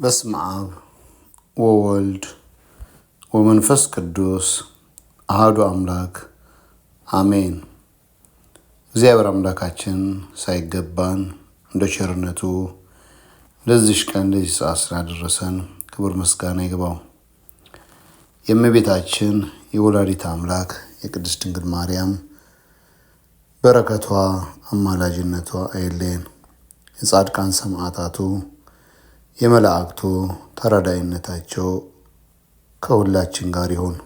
በስመ አብ ወወልድ ወመንፈስ ቅዱስ አህዱ አምላክ አሜን። እግዚአብሔር አምላካችን ሳይገባን እንደ ቸርነቱ ለዚሽ ቀን ለዚህ ሰዓት ስላደረሰን ክብር ምስጋና ይግባው። የእመቤታችን የወላዲት አምላክ የቅድስት ድንግል ማርያም በረከቷ አማላጅነቷ አይለየን። የጻድቃን ሰማዕታቱ የመላእክቱ ተረዳይነታቸው ከሁላችን ጋር ይሁን።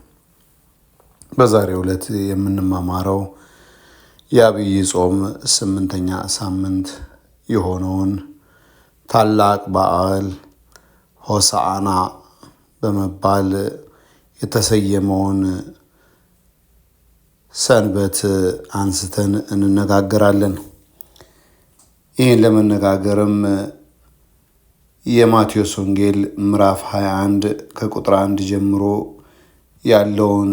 በዛሬው ዕለት የምንማማረው የአብይ ጾም ስምንተኛ ሳምንት የሆነውን ታላቅ በዓል ሆሳዕና በመባል የተሰየመውን ሰንበት አንስተን እንነጋገራለን። ይህን ለመነጋገርም የማቴዎስ ወንጌል ምዕራፍ 21 ከቁጥር 1 ጀምሮ ያለውን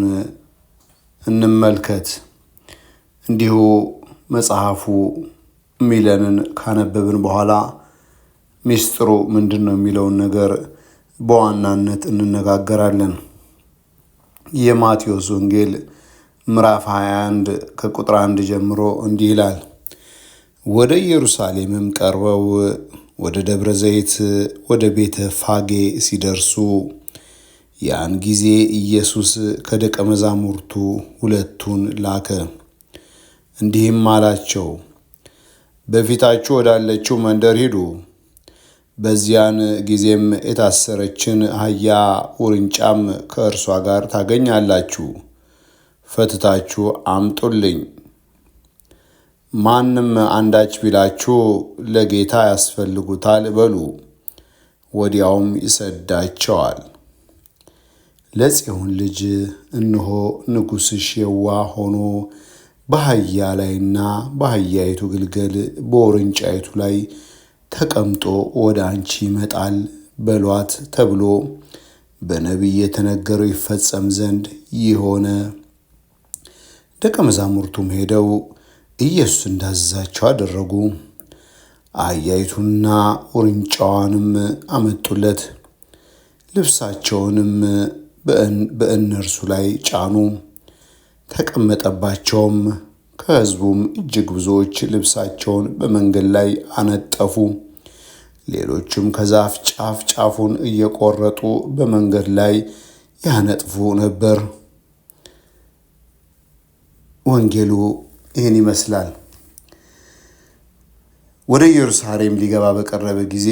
እንመልከት። እንዲሁ መጽሐፉ ሚለንን ካነበብን በኋላ ሚስጥሩ ምንድን ነው የሚለውን ነገር በዋናነት እንነጋገራለን። የማቴዎስ ወንጌል ምዕራፍ 21 ከቁጥር 1 ጀምሮ እንዲህ ይላል። ወደ ኢየሩሳሌምም ቀርበው ወደ ደብረ ዘይት ወደ ቤተ ፋጌ ሲደርሱ ያን ጊዜ ኢየሱስ ከደቀ መዛሙርቱ ሁለቱን ላከ፣ እንዲህም አላቸው፣ በፊታችሁ ወዳለችው መንደር ሂዱ፣ በዚያን ጊዜም የታሰረችን አህያ ውርንጫም ከእርሷ ጋር ታገኛላችሁ፣ ፈትታችሁ አምጡልኝ ማንም አንዳች ቢላችሁ ለጌታ ያስፈልጉታል በሉ፣ ወዲያውም ይሰዳቸዋል። ለጽዮን ልጅ እንሆ ንጉሥሽ የዋ ሆኖ በአህያ ላይና በአህያይቱ ግልገል በውርንጫይቱ ላይ ተቀምጦ ወደ አንቺ ይመጣል በሏት ተብሎ በነቢይ የተነገረው ይፈጸም ዘንድ ይሆነ ደቀ መዛሙርቱም ሄደው ኢየሱስ እንዳዘዛቸው አደረጉ። አህያይቱና ውርንጫዋንም አመጡለት፣ ልብሳቸውንም በእነርሱ ላይ ጫኑ፣ ተቀመጠባቸውም። ከሕዝቡም እጅግ ብዙዎች ልብሳቸውን በመንገድ ላይ አነጠፉ። ሌሎቹም ከዛፍ ጫፍ ጫፉን እየቆረጡ በመንገድ ላይ ያነጥፉ ነበር። ወንጌሉ ይህን ይመስላል። ወደ ኢየሩሳሌም ሊገባ በቀረበ ጊዜ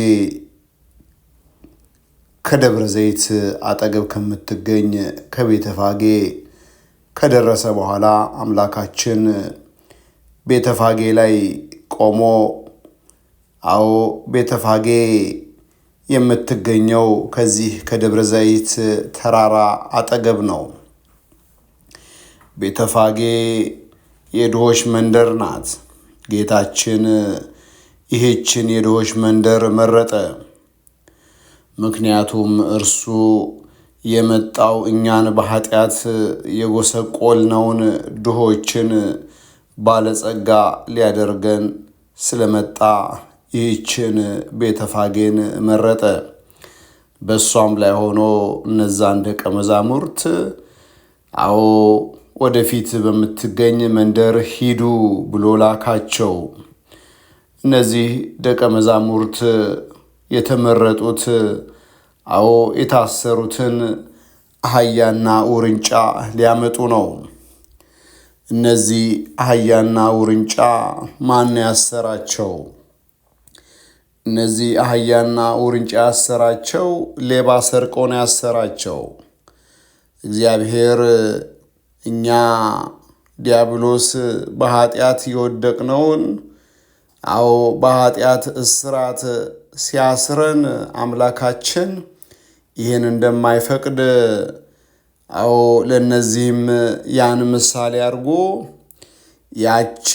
ከደብረ ዘይት አጠገብ ከምትገኝ ከቤተፋጌ ከደረሰ በኋላ አምላካችን ቤተፋጌ ላይ ቆሞ አዎ ቤተፋጌ የምትገኘው ከዚህ ከደብረ ዘይት ተራራ አጠገብ ነው። ቤተፋጌ የድሆች መንደር ናት። ጌታችን ይህችን የድሆች መንደር መረጠ። ምክንያቱም እርሱ የመጣው እኛን በኃጢአት የጎሰቆልነውን ድሆችን ባለጸጋ ሊያደርገን ስለመጣ ይህችን ቤተፋጌን መረጠ። በእሷም ላይ ሆኖ እነዛን ደቀ መዛሙርት አዎ ወደፊት በምትገኝ መንደር ሂዱ ብሎ ላካቸው። እነዚህ ደቀ መዛሙርት የተመረጡት አዎ የታሰሩትን አህያና ውርንጫ ሊያመጡ ነው። እነዚህ አህያና ውርንጫ ማን ያሰራቸው? እነዚህ አህያና ውርንጫ ያሰራቸው ሌባ ሰርቆ ነው ያሰራቸው። እግዚአብሔር እኛ ዲያብሎስ በኃጢአት የወደቅነውን አዎ በኃጢአት እስራት ሲያስረን አምላካችን ይህን እንደማይፈቅድ አዎ ለእነዚህም ያን ምሳሌ አድርጎ ያቺ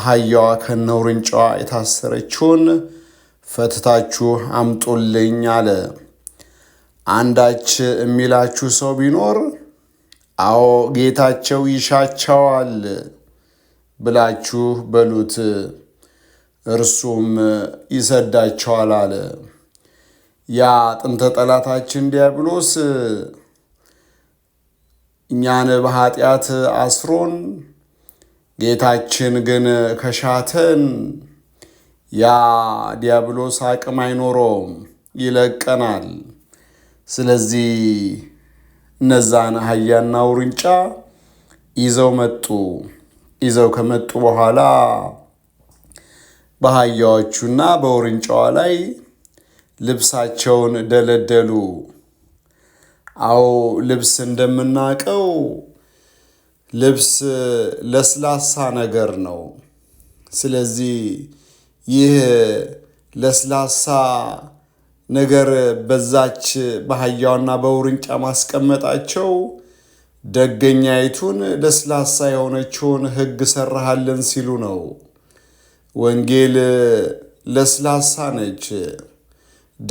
አህያዋ ከነውርንጫዋ የታሰረችውን ፈትታችሁ አምጡልኝ አለ። አንዳች የሚላችሁ ሰው ቢኖር አዎ ጌታቸው ይሻቸዋል ብላችሁ በሉት፣ እርሱም ይሰዳቸዋል አለ። ያ ጥንተ ጠላታችን ዲያብሎስ እኛን በኃጢአት አስሮን፣ ጌታችን ግን ከሻተን ያ ዲያብሎስ አቅም አይኖረውም፣ ይለቀናል። ስለዚህ እነዛን አህያና ውርንጫ ይዘው መጡ። ይዘው ከመጡ በኋላ በአህያዎቹና በውርንጫዋ ላይ ልብሳቸውን ደለደሉ። አዎ ልብስ እንደምናውቀው ልብስ ለስላሳ ነገር ነው። ስለዚህ ይህ ለስላሳ ነገር በዛች በአህያዋና በውርንጫ ማስቀመጣቸው ደገኛይቱን ለስላሳ የሆነችውን ሕግ ሰራሃልን ሲሉ ነው። ወንጌል ለስላሳ ነች፣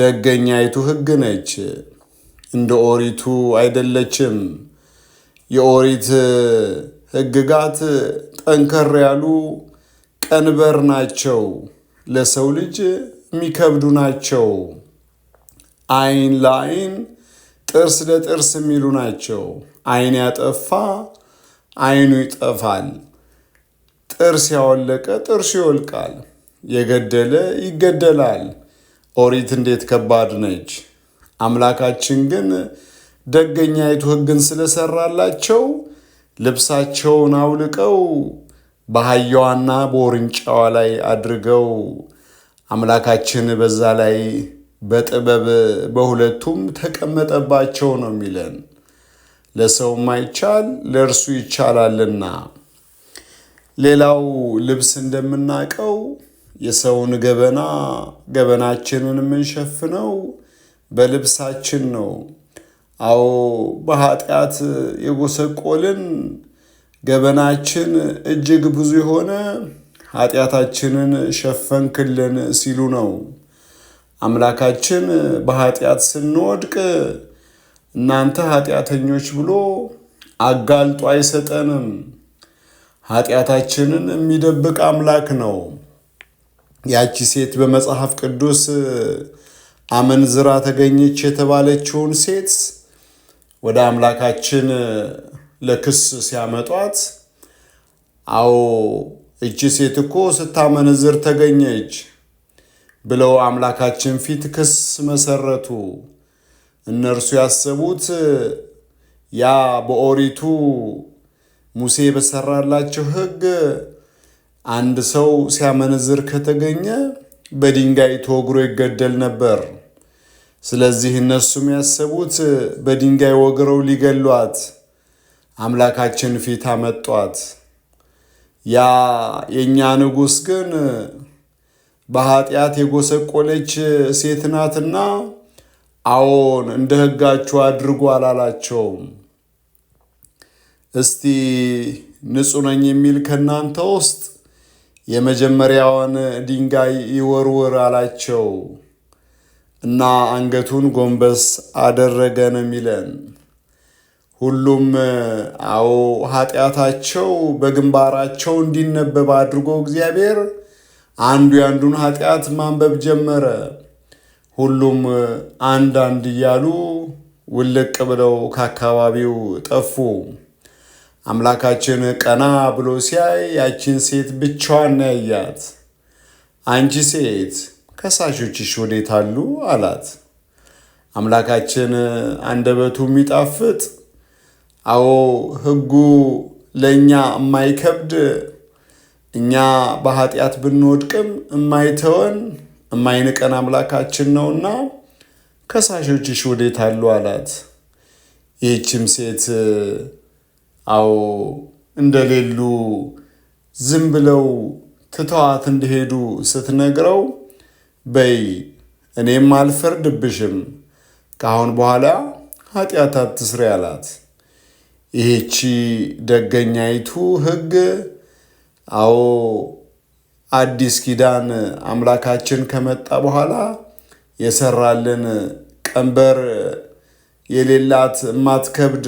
ደገኛይቱ ሕግ ነች። እንደ ኦሪቱ አይደለችም። የኦሪት ሕግጋት ጠንከር ያሉ ቀንበር ናቸው፣ ለሰው ልጅ የሚከብዱ ናቸው። አይን ለአይን ጥርስ ለጥርስ የሚሉ ናቸው። አይን ያጠፋ አይኑ ይጠፋል። ጥርስ ያወለቀ ጥርሱ ይወልቃል። የገደለ ይገደላል። ኦሪት እንዴት ከባድ ነች! አምላካችን ግን ደገኛይቱ ሕግን ስለሰራላቸው ልብሳቸውን አውልቀው በአህያዋና በውርንጫዋ ላይ አድርገው አምላካችን በዛ ላይ በጥበብ በሁለቱም ተቀመጠባቸው ነው የሚለን። ለሰው ማይቻል ለእርሱ ይቻላልና። ሌላው ልብስ እንደምናውቀው የሰውን ገበና ገበናችንን የምንሸፍነው በልብሳችን ነው። አዎ በኃጢአት የጎሰቆልን ገበናችን እጅግ ብዙ የሆነ ኃጢአታችንን ሸፈንክልን ሲሉ ነው። አምላካችን በኃጢአት ስንወድቅ እናንተ ኃጢአተኞች ብሎ አጋልጦ አይሰጠንም። ኃጢአታችንን የሚደብቅ አምላክ ነው። ያቺ ሴት በመጽሐፍ ቅዱስ አመንዝራ ተገኘች የተባለችውን ሴት ወደ አምላካችን ለክስ ሲያመጧት፣ አዎ እቺ ሴት እኮ ስታመንዝር ተገኘች ብለው አምላካችን ፊት ክስ መሰረቱ። እነርሱ ያሰቡት ያ በኦሪቱ ሙሴ በሰራላቸው ሕግ አንድ ሰው ሲያመነዝር ከተገኘ በድንጋይ ተወግሮ ይገደል ነበር። ስለዚህ እነሱም ያሰቡት በድንጋይ ወግረው ሊገሏት አምላካችን ፊት አመጧት። ያ የእኛ ንጉሥ ግን በኃጢአት የጎሰቆለች ሴት ናትና፣ አዎን እንደ ሕጋችሁ አድርጉ አላላቸውም። እስቲ ንጹሕ ነኝ የሚል ከእናንተ ውስጥ የመጀመሪያውን ድንጋይ ይወርውር አላቸው እና አንገቱን ጎንበስ አደረገ ነው የሚለን። ሁሉም አዎ ኃጢአታቸው በግንባራቸው እንዲነበብ አድርጎ እግዚአብሔር አንዱ የአንዱን ኃጢአት ማንበብ ጀመረ። ሁሉም አንዳንድ እያሉ ውልቅ ብለው ከአካባቢው ጠፉ። አምላካችን ቀና ብሎ ሲያይ ያችን ሴት ብቻዋን ያያት። አንቺ ሴት ከሳሾችሽ ወዴት አሉ? አላት። አምላካችን አንደበቱ የሚጣፍጥ አዎ፣ ሕጉ ለእኛ የማይከብድ እኛ በኃጢአት ብንወድቅም እማይተወን እማይንቀን አምላካችን ነውና ከሳሾችሽ ወዴት አሉ አላት። ይህችም ሴት አዎ እንደሌሉ ዝም ብለው ትተዋት እንደሄዱ ስትነግረው፣ በይ እኔም አልፈርድብሽም ከአሁን በኋላ ኃጢአት አትስሪ አላት። ይህቺ ደገኛይቱ ሕግ አዎ አዲስ ኪዳን አምላካችን ከመጣ በኋላ የሰራልን ቀንበር የሌላት ማትከብድ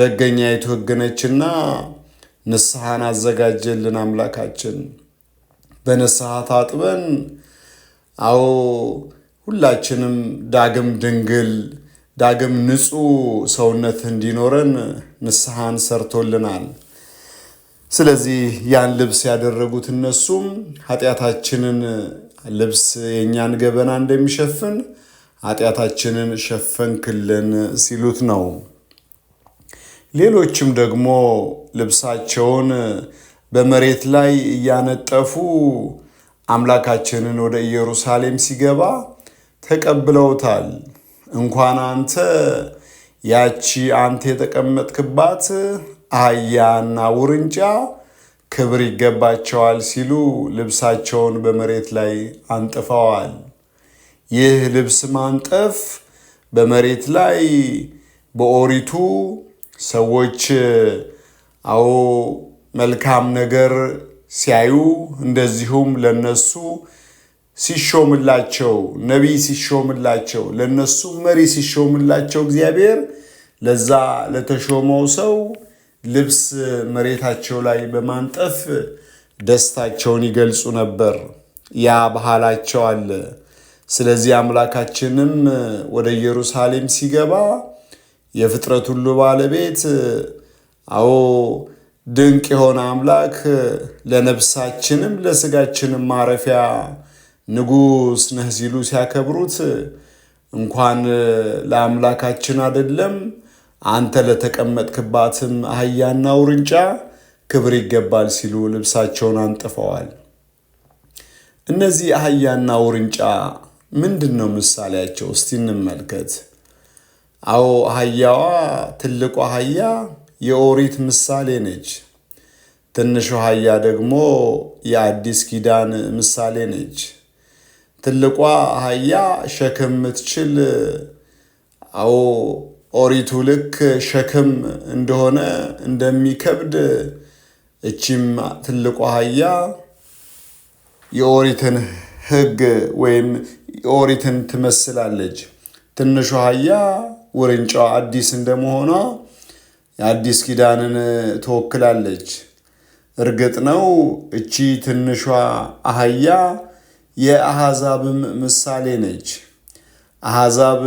ደገኛይቱ ሕግ ነችና ንስሐን አዘጋጀልን አምላካችን። በንስሐ ታጥበን አዎ ሁላችንም ዳግም ድንግል ዳግም ንጹሕ ሰውነት እንዲኖረን ንስሐን ሰርቶልናል። ስለዚህ ያን ልብስ ያደረጉት እነሱም ኃጢአታችንን ልብስ የእኛን ገበና እንደሚሸፍን ኃጢአታችንን ሸፈንክልን ሲሉት ነው። ሌሎችም ደግሞ ልብሳቸውን በመሬት ላይ እያነጠፉ አምላካችንን ወደ ኢየሩሳሌም ሲገባ ተቀብለውታል። እንኳን አንተ ያቺ አንተ የተቀመጥክባት አህያና ውርንጫ ክብር ይገባቸዋል ሲሉ ልብሳቸውን በመሬት ላይ አንጥፈዋል። ይህ ልብስ ማንጠፍ በመሬት ላይ በኦሪቱ ሰዎች አዎ መልካም ነገር ሲያዩ እንደዚሁም ለነሱ ሲሾምላቸው ነቢይ ሲሾምላቸው ለነሱ መሪ ሲሾምላቸው እግዚአብሔር ለዛ ለተሾመው ሰው ልብስ መሬታቸው ላይ በማንጠፍ ደስታቸውን ይገልጹ ነበር። ያ ባህላቸው አለ። ስለዚህ አምላካችንም ወደ ኢየሩሳሌም ሲገባ የፍጥረት ሁሉ ባለቤት አዎ ድንቅ የሆነ አምላክ ለነፍሳችንም ለስጋችንም ማረፊያ ንጉሥ ነህ ሲሉ ሲያከብሩት እንኳን ለአምላካችን አይደለም አንተ ለተቀመጥክባትም አህያና ውርንጫ ክብር ይገባል ሲሉ ልብሳቸውን አንጥፈዋል። እነዚህ አህያና ውርንጫ ምንድን ነው ምሳሌያቸው? እስቲ እንመልከት። አዎ አህያዋ ትልቁ አህያ የኦሪት ምሳሌ ነች። ትንሹ አህያ ደግሞ የአዲስ ኪዳን ምሳሌ ነች። ትልቋ አህያ ሸክም የምትችል አዎ ኦሪቱ ልክ ሸክም እንደሆነ እንደሚከብድ እቺም ትልቁ አህያ የኦሪትን ሕግ ወይም የኦሪትን ትመስላለች። ትንሿ አህያ ውርንጫዋ አዲስ እንደመሆኗ የአዲስ ኪዳንን ትወክላለች። እርግጥ ነው እቺ ትንሿ አህያ የአሕዛብም ምሳሌ ነች። አሕዛብ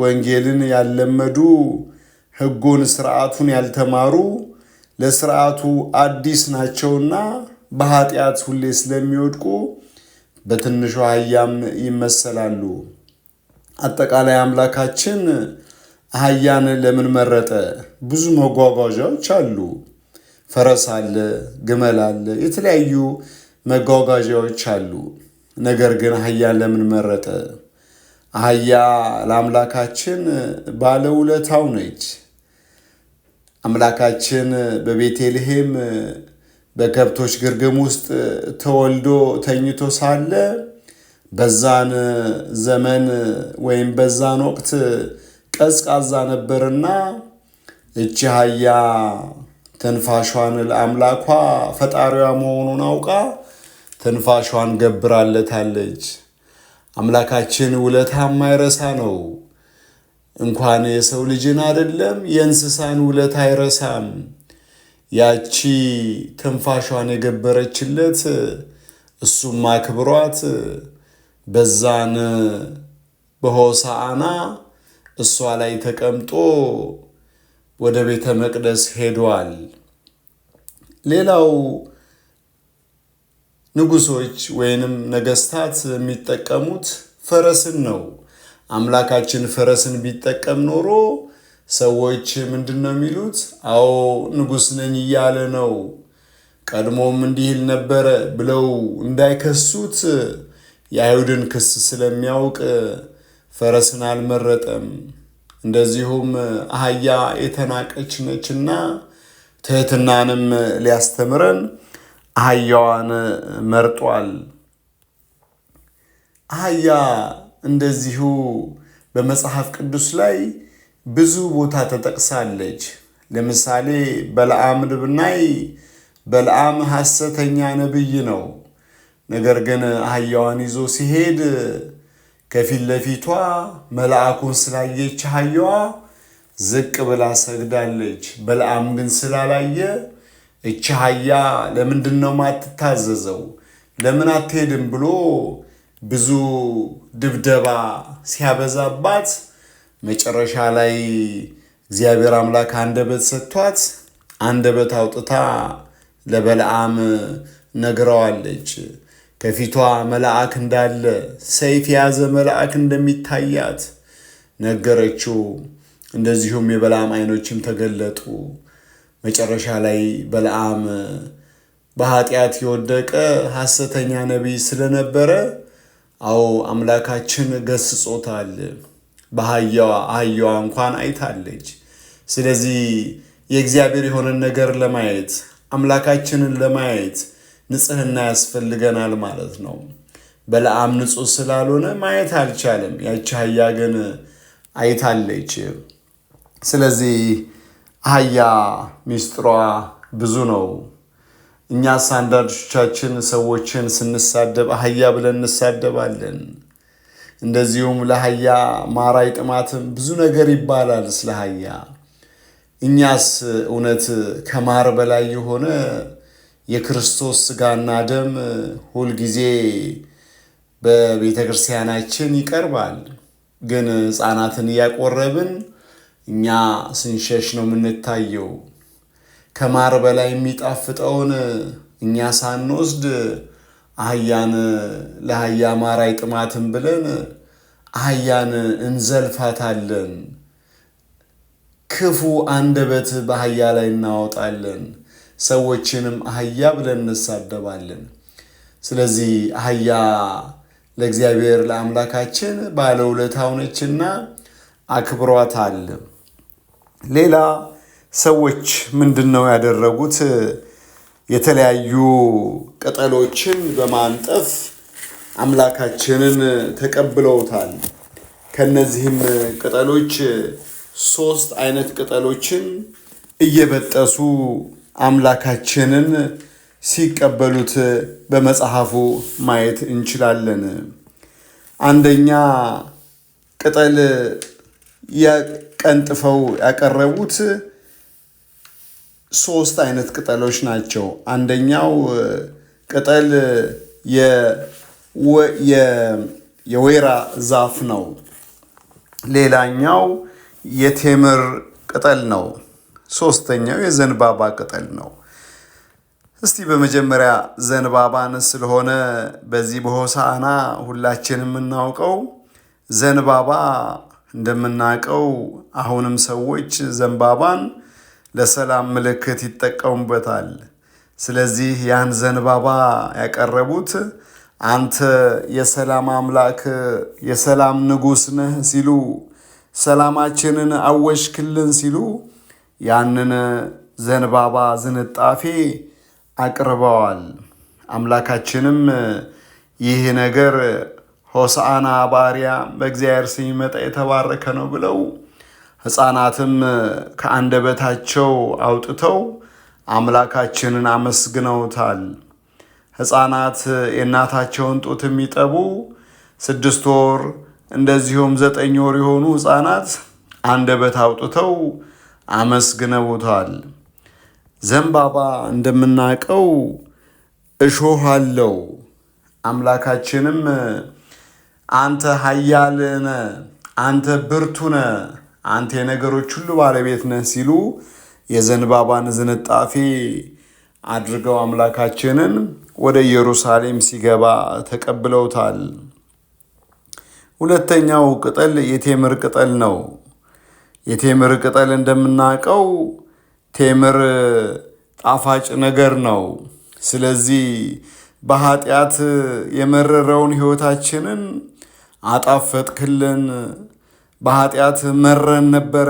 ወንጌልን ያልለመዱ ሕጉን ስርዓቱን ያልተማሩ ለስርዓቱ አዲስ ናቸውና በኃጢአት ሁሌ ስለሚወድቁ በትንሹ አህያም ይመሰላሉ። አጠቃላይ አምላካችን አህያን ለምን መረጠ? ብዙ መጓጓዣዎች አሉ። ፈረስ አለ፣ ግመል አለ፣ የተለያዩ መጓጓዣዎች አሉ። ነገር ግን አህያን ለምን መረጠ? አህያ ለአምላካችን ባለውለታው ነች። አምላካችን በቤተልሔም በከብቶች ግርግም ውስጥ ተወልዶ ተኝቶ ሳለ በዛን ዘመን ወይም በዛን ወቅት ቀዝቃዛ ነበርና እቺ አህያ ትንፋሿን ለአምላኳ ፈጣሪዋ መሆኑን አውቃ ትንፋሿን ገብራለታለች። አምላካችን ውለታ የማይረሳ ነው። እንኳን የሰው ልጅን አይደለም የእንስሳን ውለታ አይረሳም። ያቺ ትንፋሿን የገበረችለት እሱም አክብሯት በዛን በሆሳዕና እሷ ላይ ተቀምጦ ወደ ቤተ መቅደስ ሄዷል። ሌላው ንጉሶች ወይንም ነገስታት የሚጠቀሙት ፈረስን ነው። አምላካችን ፈረስን ቢጠቀም ኖሮ ሰዎች ምንድን ነው የሚሉት? አዎ ንጉስ ነኝ እያለ ነው፣ ቀድሞም እንዲህ ይል ነበረ ብለው እንዳይከሱት የአይሁድን ክስ ስለሚያውቅ ፈረስን አልመረጠም። እንደዚሁም አህያ የተናቀች ነችና ትህትናንም ሊያስተምረን አህያዋን መርጧል። አህያ እንደዚሁ በመጽሐፍ ቅዱስ ላይ ብዙ ቦታ ተጠቅሳለች። ለምሳሌ በለዓምን ድብናይ በለዓም ሐሰተኛ ነብይ ነው። ነገር ግን አህያዋን ይዞ ሲሄድ ከፊት ለፊቷ መልአኩን ስላየች አህያዋ ዝቅ ብላ ሰግዳለች። በለዓም ግን ስላላየ እቺ አህያ ለምንድን ነው ማትታዘዘው? ለምን አትሄድም ብሎ ብዙ ድብደባ ሲያበዛባት መጨረሻ ላይ እግዚአብሔር አምላክ አንደበት ሰጥቷት አንደበት አውጥታ ለበለዓም ነግረዋለች። ከፊቷ መልአክ እንዳለ ሰይፍ የያዘ መልአክ እንደሚታያት ነገረችው። እንደዚሁም የበለዓም ዓይኖችም ተገለጡ። መጨረሻ ላይ በለዓም በኃጢአት የወደቀ ሐሰተኛ ነቢይ ስለነበረ አዎ አምላካችን ገስጾታል። በአህያዋ አህያዋ እንኳን አይታለች። ስለዚህ የእግዚአብሔር የሆነን ነገር ለማየት አምላካችንን ለማየት ንጽህና ያስፈልገናል ማለት ነው። በለዓም ንጹህ ስላልሆነ ማየት አልቻለም። ያች አህያ ግን አይታለች። ስለዚህ አህያ ሚስጥሯ ብዙ ነው። እኛስ አንዳንዶቻችን ሰዎችን ስንሳደብ አህያ ብለን እንሳደባለን። እንደዚሁም ለአህያ ማራይ ጥማትም ብዙ ነገር ይባላል ስለ አህያ። እኛስ እውነት ከማር በላይ የሆነ የክርስቶስ ስጋና ደም ሁልጊዜ በቤተ ክርስቲያናችን ይቀርባል። ግን ሕፃናትን እያቆረብን እኛ ስንሸሽ ነው የምንታየው። ከማር በላይ የሚጣፍጠውን እኛ ሳንወስድ አህያን ለአህያ ማር አይጥማትም ብለን አህያን እንዘልፋታለን። ክፉ አንደበት በአህያ ላይ እናወጣለን። ሰዎችንም አህያ ብለን እንሳደባለን። ስለዚህ አህያ ለእግዚአብሔር ለአምላካችን ባለውለታ ሆነችና አክብሯታል። ሌላ ሰዎች ምንድን ነው ያደረጉት? የተለያዩ ቅጠሎችን በማንጠፍ አምላካችንን ተቀብለውታል። ከነዚህም ቅጠሎች ሶስት አይነት ቅጠሎችን እየበጠሱ አምላካችንን ሲቀበሉት በመጽሐፉ ማየት እንችላለን። አንደኛ ቅጠል ቀንጥፈው ያቀረቡት ሶስት አይነት ቅጠሎች ናቸው። አንደኛው ቅጠል የወይራ ዛፍ ነው። ሌላኛው የቴምር ቅጠል ነው። ሶስተኛው የዘንባባ ቅጠል ነው። እስቲ በመጀመሪያ ዘንባባን ስለሆነ በዚህ በሆሳዕና ሁላችንም የምናውቀው ዘንባባ እንደምናውቀው አሁንም ሰዎች ዘንባባን ለሰላም ምልክት ይጠቀሙበታል። ስለዚህ ያን ዘንባባ ያቀረቡት አንተ የሰላም አምላክ የሰላም ንጉሥ ነህ ሲሉ ሰላማችንን አወሽክልን ሲሉ ያንን ዘንባባ ዝንጣፊ አቅርበዋል። አምላካችንም ይህ ነገር ሆሳዕና ባሪያ በእግዚአብሔር ስም ይመጣ የተባረከ ነው ብለው ሕፃናትም ከአንደበታቸው አውጥተው አምላካችንን አመስግነውታል። ሕፃናት የእናታቸውን ጡት የሚጠቡ ስድስት ወር እንደዚሁም ዘጠኝ ወር የሆኑ ሕፃናት አንደበት አውጥተው አመስግነውታል። ዘንባባ እንደምናውቀው እሾህ አለው። አምላካችንም አንተ ሀያልነ አንተ ብርቱ አንተ የነገሮች ሁሉ ባለቤት ነህ ሲሉ የዘንባባን ዝንጣፊ አድርገው አምላካችንን ወደ ኢየሩሳሌም ሲገባ ተቀብለውታል። ሁለተኛው ቅጠል የቴምር ቅጠል ነው። የቴምር ቅጠል እንደምናውቀው ቴምር ጣፋጭ ነገር ነው። ስለዚህ በኃጢአት የመረረውን ሕይወታችንን አጣፈጥክልን። በኃጢአት መረን ነበረ፣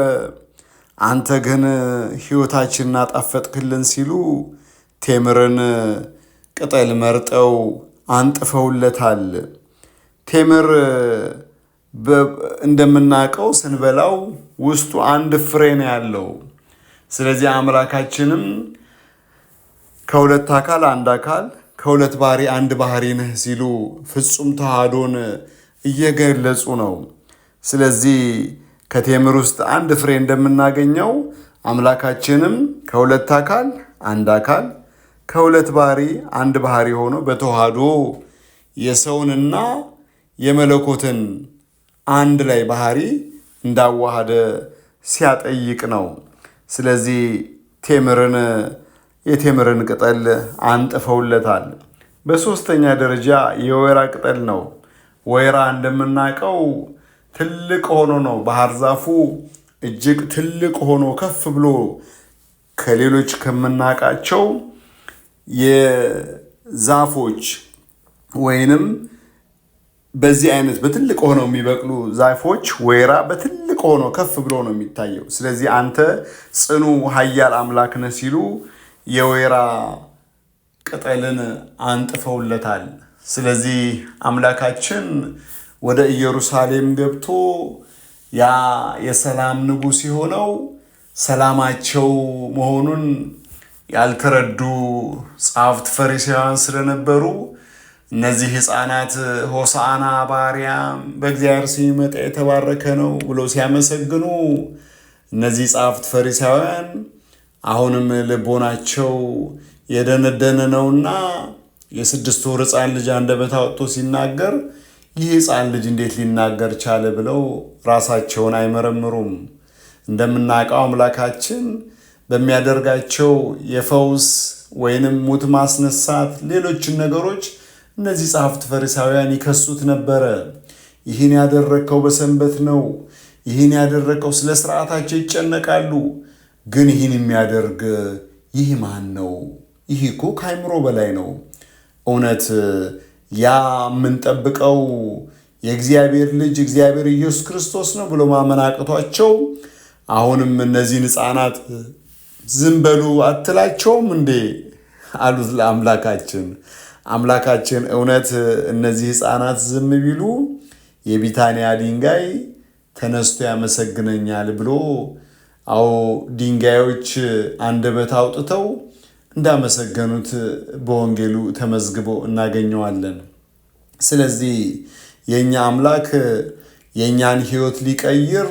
አንተ ግን ሕይወታችንን አጣፈጥክልን ሲሉ ቴምርን ቅጠል መርጠው አንጥፈውለታል። ቴምር እንደምናውቀው ስንበላው ውስጡ አንድ ፍሬ ነው ያለው። ስለዚህ አምላካችንም ከሁለት አካል አንድ አካል ከሁለት ባህሪ አንድ ባህሪ ነህ ሲሉ ፍጹም ተዋህዶን እየገለጹ ነው። ስለዚህ ከቴምር ውስጥ አንድ ፍሬ እንደምናገኘው አምላካችንም ከሁለት አካል አንድ አካል ከሁለት ባህሪ አንድ ባህሪ ሆኖ በተዋህዶ የሰውንና የመለኮትን አንድ ላይ ባህሪ እንዳዋሃደ ሲያጠይቅ ነው። ስለዚህ ቴምርን የቴምርን ቅጠል አንጥፈውለታል። በሶስተኛ ደረጃ የወይራ ቅጠል ነው። ወይራ እንደምናውቀው ትልቅ ሆኖ ነው ባህር ዛፉ እጅግ ትልቅ ሆኖ ከፍ ብሎ ከሌሎች ከምናውቃቸው የዛፎች ወይንም በዚህ አይነት በትልቅ ሆኖ የሚበቅሉ ዛፎች ወይራ በትልቅ ሆኖ ከፍ ብሎ ነው የሚታየው። ስለዚህ አንተ ጽኑ ኃያል አምላክ ነህ ሲሉ የወይራ ቅጠልን አንጥፈውለታል። ስለዚህ አምላካችን ወደ ኢየሩሳሌም ገብቶ ያ የሰላም ንጉሥ የሆነው ሰላማቸው መሆኑን ያልተረዱ ጻፍት ፈሪሳውያን ስለነበሩ እነዚህ ሕፃናት ሆሳዕና በአርያም በእግዚአብሔር ስም ይመጣ የተባረከ ነው ብለው ሲያመሰግኑ እነዚህ ጻፍት ፈሪሳውያን አሁንም ልቦናቸው የደነደነ ነውና የስድስት ወር ህፃን ልጅ አንደበት አውጥቶ ሲናገር ይህ ህፃን ልጅ እንዴት ሊናገር ቻለ ብለው ራሳቸውን አይመረምሩም። እንደምናውቀው አምላካችን በሚያደርጋቸው የፈውስ ወይንም ሙት ማስነሳት፣ ሌሎችን ነገሮች እነዚህ ጸሐፍት ፈሪሳውያን ይከሱት ነበረ። ይህን ያደረግከው በሰንበት ነው፣ ይህን ያደረግከው ስለ ስርዓታቸው ይጨነቃሉ። ግን ይህን የሚያደርግ ይህ ማን ነው? ይህ እኮ ከአይምሮ በላይ ነው እውነት ያ የምንጠብቀው የእግዚአብሔር ልጅ እግዚአብሔር ኢየሱስ ክርስቶስ ነው ብሎ ማመን አቅቷቸው አሁንም እነዚህን ሕፃናት ዝም በሉ አትላቸውም እንዴ አሉት ለአምላካችን። አምላካችን እውነት እነዚህ ሕፃናት ዝም ቢሉ የቢታንያ ድንጋይ ተነስቶ ያመሰግነኛል ብሎ አዎ ድንጋዮች አንደበት አውጥተው እንዳመሰገኑት በወንጌሉ ተመዝግቦ እናገኘዋለን። ስለዚህ የእኛ አምላክ የእኛን ሕይወት ሊቀይር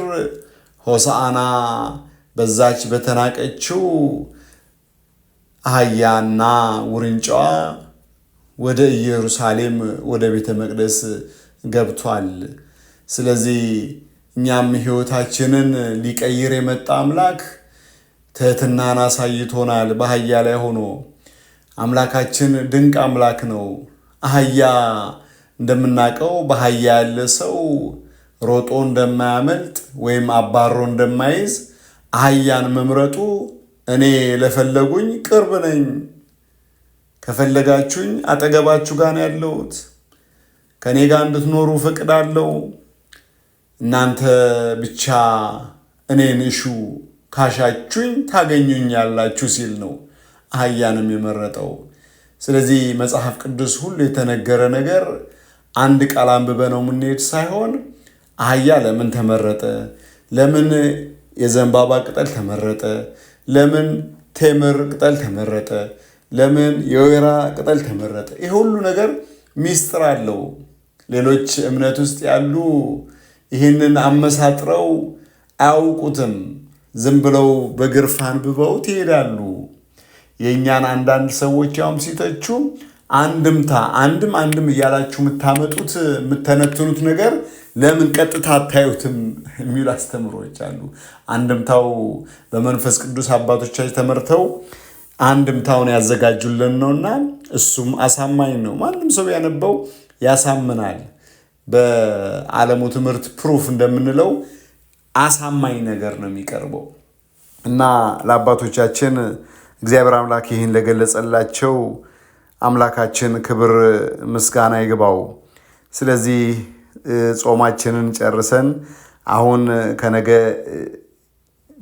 ሆሳዕና በዛች በተናቀችው አህያና ውርንጫዋ ወደ ኢየሩሳሌም ወደ ቤተ መቅደስ ገብቷል። ስለዚህ እኛም ሕይወታችንን ሊቀይር የመጣ አምላክ ትህትናን አሳይቶናል። በአህያ ላይ ሆኖ አምላካችን ድንቅ አምላክ ነው። አህያ እንደምናውቀው በአህያ ያለ ሰው ሮጦ እንደማያመልጥ ወይም አባሮ እንደማይዝ አህያን መምረጡ እኔ ለፈለጉኝ ቅርብ ነኝ፣ ከፈለጋችሁኝ አጠገባችሁ ጋር ያለሁት ከእኔ ጋር እንድትኖሩ አለው? እናንተ ብቻ እኔን እሹ ካሻችሁኝ ታገኙኛላችሁ ሲል ነው አህያንም የመረጠው። ስለዚህ መጽሐፍ ቅዱስ ሁሉ የተነገረ ነገር አንድ ቃል አንብበ ነው የምንሄድ ሳይሆን አህያ ለምን ተመረጠ? ለምን የዘንባባ ቅጠል ተመረጠ? ለምን ቴምር ቅጠል ተመረጠ? ለምን የወይራ ቅጠል ተመረጠ? ይህ ሁሉ ነገር ሚስጥር አለው። ሌሎች እምነት ውስጥ ያሉ ይህንን አመሳጥረው አያውቁትም። ዝም ብለው በግርፍ አንብበውት ይሄዳሉ። የእኛን አንዳንድ ሰዎች ያውም ሲተቹ አንድምታ አንድም አንድም እያላችሁ የምታመጡት የምተነትኑት ነገር ለምን ቀጥታ አታዩትም የሚሉ አስተምሮች አሉ። አንድምታው በመንፈስ ቅዱስ አባቶቻችን ተመርተው አንድምታውን ያዘጋጁልን ነውና እሱም አሳማኝ ነው። ማንም ሰው ያነበው ያሳምናል። በዓለሙ ትምህርት ፕሩፍ እንደምንለው አሳማኝ ነገር ነው የሚቀርበው እና ለአባቶቻችን እግዚአብሔር አምላክ ይህን ለገለጸላቸው አምላካችን ክብር ምስጋና ይግባው። ስለዚህ ጾማችንን ጨርሰን አሁን ከነገ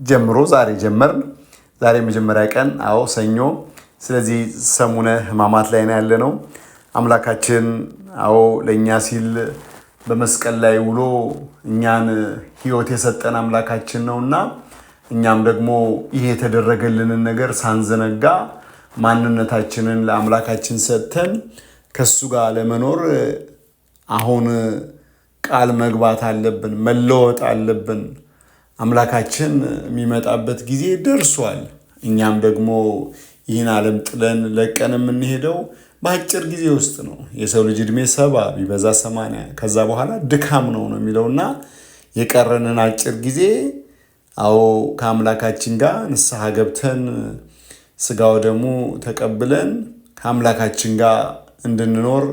ጀምሮ ዛሬ ጀመር ዛሬ መጀመሪያ ቀን አዎ፣ ሰኞ። ስለዚህ ሰሙነ ህማማት ላይ ነው ያለ ነው። አምላካችን አዎ ለእኛ ሲል በመስቀል ላይ ውሎ እኛን ሕይወት የሰጠን አምላካችን ነውና እኛም ደግሞ ይህ የተደረገልንን ነገር ሳንዘነጋ ማንነታችንን ለአምላካችን ሰጥተን ከሱ ጋር ለመኖር አሁን ቃል መግባት አለብን፣ መለወጥ አለብን። አምላካችን የሚመጣበት ጊዜ ደርሷል። እኛም ደግሞ ይህን ዓለም ጥለን ለቀን የምንሄደው በአጭር ጊዜ ውስጥ ነው። የሰው ልጅ እድሜ ሰባ ቢበዛ ሰማንያ ከዛ በኋላ ድካም ነው ነው የሚለውና የቀረንን አጭር ጊዜ አዎ ከአምላካችን ጋር ንስሐ ገብተን ስጋው ደግሞ ተቀብለን ከአምላካችን ጋር እንድንኖር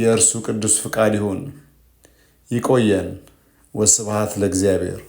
የእርሱ ቅዱስ ፍቃድ ይሁን። ይቆየን። ወስብሐት ለእግዚአብሔር።